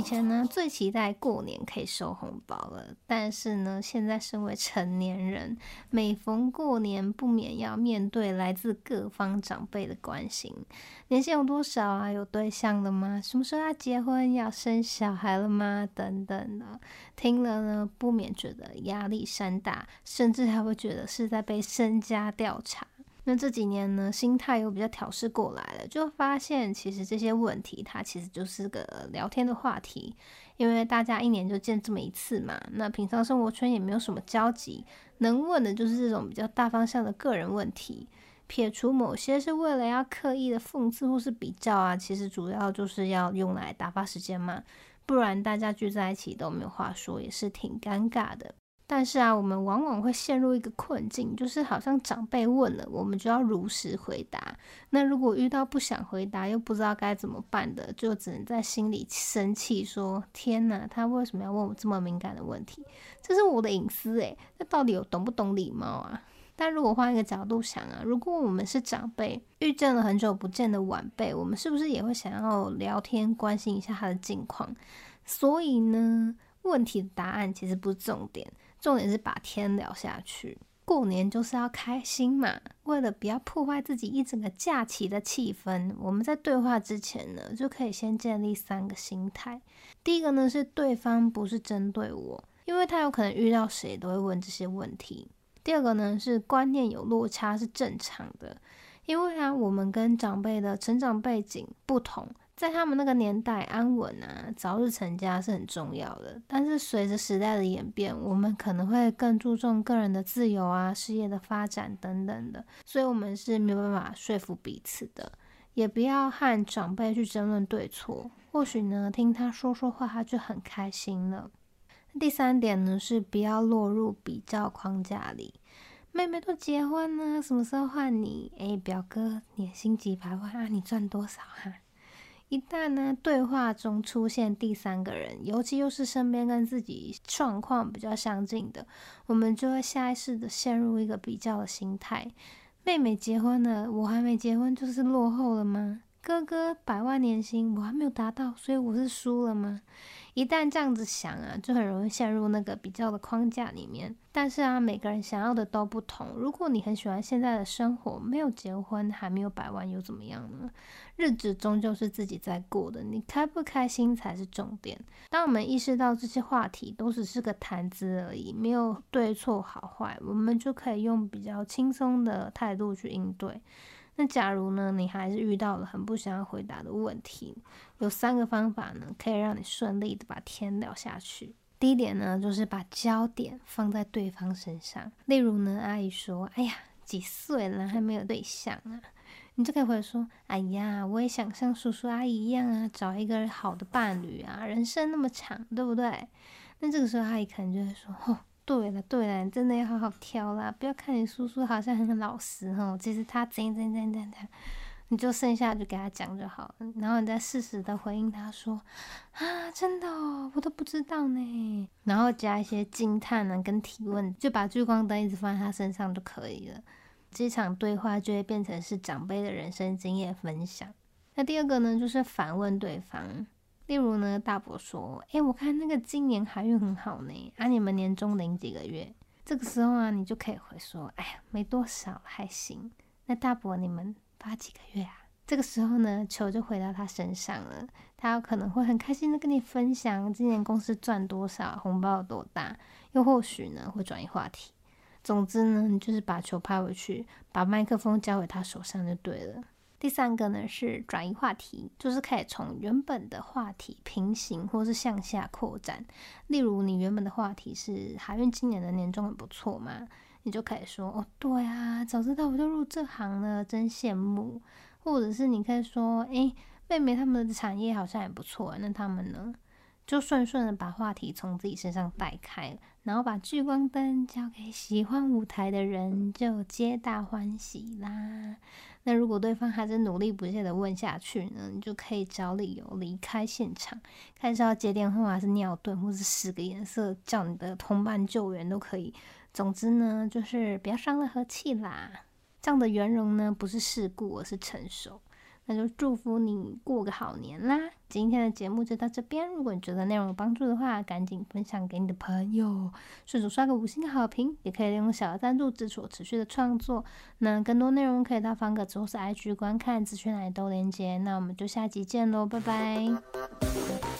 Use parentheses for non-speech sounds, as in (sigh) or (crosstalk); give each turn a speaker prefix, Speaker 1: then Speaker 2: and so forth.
Speaker 1: 以前呢，最期待過年可以收紅包了。但是呢，現在身為成年人，每逢過年不免要面對來自各方長輩的關心：年薪有多少啊？有對象了嗎？什麼時候要結婚？要生小孩了嗎？等等的。聽了呢，不免覺得壓力山大，甚至還會覺得是在被身家調查。因為這幾年呢，心態又比較調試過來了，就發現其實這些問題，它其實就是個聊天的話題。因為大家一年就見這麼一次嘛，那平常生活圈也沒有什麼交集，能問的就是這種比較大方向的個人問題。撇除某些是為了要刻意的諷刺或是比較啊，其實主要就是要用來打發時間嘛，不然大家聚在一起都沒有話說，也是挺尷尬的。但是啊，我們往往會陷入一個困境，就是好像長輩問了，我們就要如實回答。那如果遇到不想回答又不知道該怎麼辦的，就只能在心裡生氣，說：“天哪，他為什麼要問我這麼敏感的問題？這是我的隱私誒。那到底有懂不懂禮貌啊？但如果換一個角度想啊，如果我們是長輩，遇見了很久不見的晚輩，我們是不是也會想要聊天，關心一下他的近況？所以呢，問題的答案其實不是重點。重點是把天聊下去。過年就是要開心嘛，為了不要破壞自己一整個假期的氣氛，我們在對話之前呢，就可以先建立三個心態。第一個呢是對方不是針對我，因為他有可能遇到誰都會問這些問題。第二個呢是觀念有落差是正常的，因為啊，我們跟長輩的成長背景不同。在他們那個年代，安穩啊，早日成家是很重要的。但是隨着時代的演變，我們可能會更注重個人的自由啊、事業的發展等等的。所以，我們是沒有辦法說服彼此的，也不要和長輩去爭論對錯。或許呢，聽他說說話，他就很開心了。第三點呢，是不要落入比較框架裡。妹妹都結婚了，什麼時候換你？哎，表哥，年薪幾百萬啊？你賺多少哈、啊？一旦呢，對話中出現第三個人，尤其又是身邊跟自己狀況比較相近的，我們就會下意識的陷入一個比較的心態。妹妹結婚了，我還沒結婚，就是落後了嗎？哥哥百萬年薪，我還沒有達到，所以我是輸了嗎？一旦這樣子想啊，就很容易陷入那個比較的框架裡面。但是啊，每個人想要的都不同。如果你很喜歡現在的生活，沒有結婚，還沒有百萬，又怎麼樣呢？日子終究是自己在過的，你開不開心才是重點。當我們意識到這些話題都只是個談資而已，沒有對錯好壞，我們就可以用比較輕鬆的態度去應對。那假如呢，你還是遇到了很不想要回答的問題，有三個方法呢，可以讓你順利的把天聊下去。第一點呢，就是把焦點放在對方身上。例如呢，阿姨說，哎呀，幾歲了還沒有對象啊？你就可以回來說，哎呀，我也想像叔叔阿姨一樣啊，找一個好的伴侶啊，人生那麼長，對不對？那這個時候阿姨可能就會說，吼、哦。對了，對了，你真的要好好挑啦！不要看你叔叔好像很老實吼，其實他真真真真的，你就剩下就給他講就好了，然後你再適時的回應他說，啊，真的哦，我都不知道呢，然後加一些驚嘆呢跟提問，就把聚光燈一直放在他身上就可以了。這場對話就會變成是長輩的人生經驗分享。那第二個呢，就是反問對方。例如呢，大伯說：“哎，我看那個今年財運很好呢，啊，你們年終領幾個月？這個時候啊，你就可以回說：哎呀，沒多少，還行。那大伯，你們發幾個月啊？這個時候呢，球就回到他身上了，他有可能會很開心的跟你分享今年公司賺多少，紅包有多大，又或許呢，會轉移話題。總之呢，你就是把球拍回去，把麥克風交給他手上就對了。”第三個呢，是轉移話題，就是可以從原本的話題平行或是向下擴展。例如，你原本的話題是海運今年的年終很不錯嘛，你就可以說哦，對啊，早知道我就入這行了，真羨慕。或者是你可以說，誒，妹妹他們的產業好像也不錯啊，那他們呢？就順順的把話題從自己身上帶開然後把聚光燈交給喜歡舞台的人，就皆大歡喜啦。那如果對方還是努力不懈的問下去呢，你就可以找理由離開現場，看是要接電話還是尿遁，或者是使個顏色叫你的同伴救援都可以。總之呢，就是不要傷了和氣啦。這樣的圓融呢，不是世故，而是成熟。那就祝福你過個好年啦！今天的節目就到這邊，如果你覺得內容有幫助的話，趕緊分享給你的朋友，順手刷個五星好評，也可以利用小的贊助支持我持續的創作。那更多內容可以到方格子或是 IG 觀看，資訊欄也都連接。那我們就下集見嘍，拜拜！ (noise)